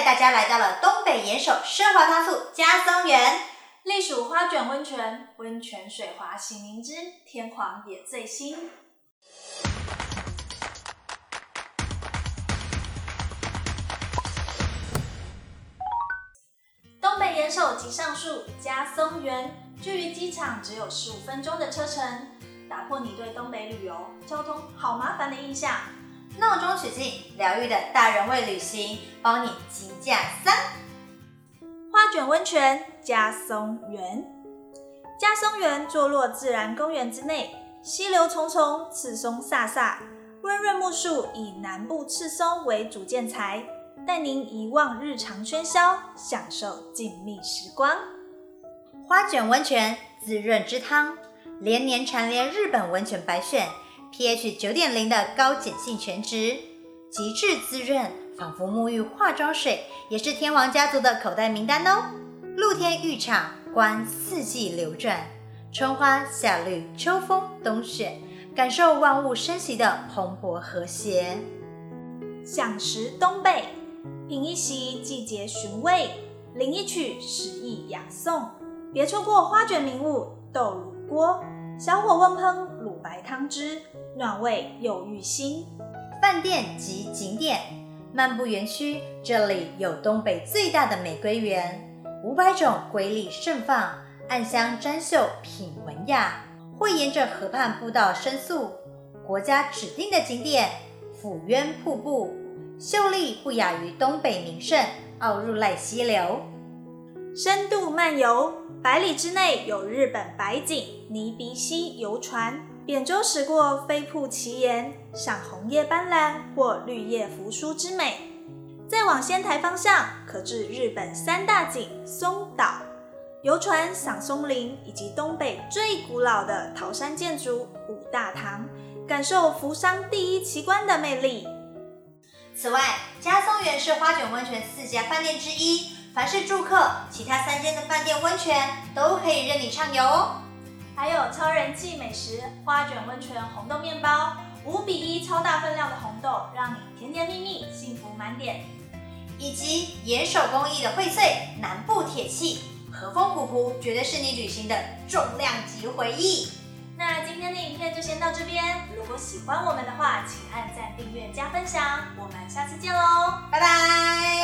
帶大家來到了東北岩手奢華湯宿佳松園，隸屬花卷溫泉，溫泉水滑洗凝脂，天皇也醉心。東北岩手極上宿佳松園，距離機場只有十五分鐘的車程，打破你對東北旅遊交通好麻煩的印象。鬧中取靜，療癒的大人味旅行，幫你急價三。花卷溫泉佳松園，佳松園坐落自然公園之內，溪流淙淙，赤松颯颯，溫潤，潤木樹以南部赤松為主建材，帶您遺忘日常喧囂，享受靜謐時光。花卷溫泉滋潤之湯，連年蟬連日本溫泉百選。pH 九點零的高鹼性全脂，極緻滋潤，仿佛沐浴化妝水，也是天皇家族的口袋名單哦。露天浴場觀四季流轉，春花夏綠秋風冬雪，感受萬物生息的蓬勃和諧。饗食東北，品一席季節尋味，聆一曲詩意雅頌，別錯過花卷名物豆乳鍋，小火溫烹。白湯汁暖胃又癒心。飯店及景點漫步園區，這裡有東北最大的玫瑰園，五百種瑰麗盛放，暗香沾袖品文雅。或沿着河畔步道深溯，國家指定的景點釜淵瀑布，秀麗不亞於東北名勝，奧入瀨溪流。深度漫遊，百里之內有日本百景、猊鼻溪遊船、扁舟駛過飛瀑奇岩，賞紅葉斑斕或綠葉扶疏之美。再往仙台方向，可至日本三大景松島，遊船賞松林以及東北最古老的桃山建築五大堂，感受扶桑第一奇觀的魅力。此外，佳松園是花卷溫泉四家飯店之一。凡是住客，其他三間的飯店溫泉都可以任你暢遊哦。還有超人氣美食花卷溫泉紅豆麵包，五比一超大分量的紅豆，讓你甜甜蜜蜜，幸福滿點。以及岩手工藝的薈萃，南部鐵器和風古樸，絕對是你旅行的重量級回憶。那今天的影片就先到這邊，如果喜歡我們的話，請按讚、訂閱、加分享，我們下次見嘍，拜拜。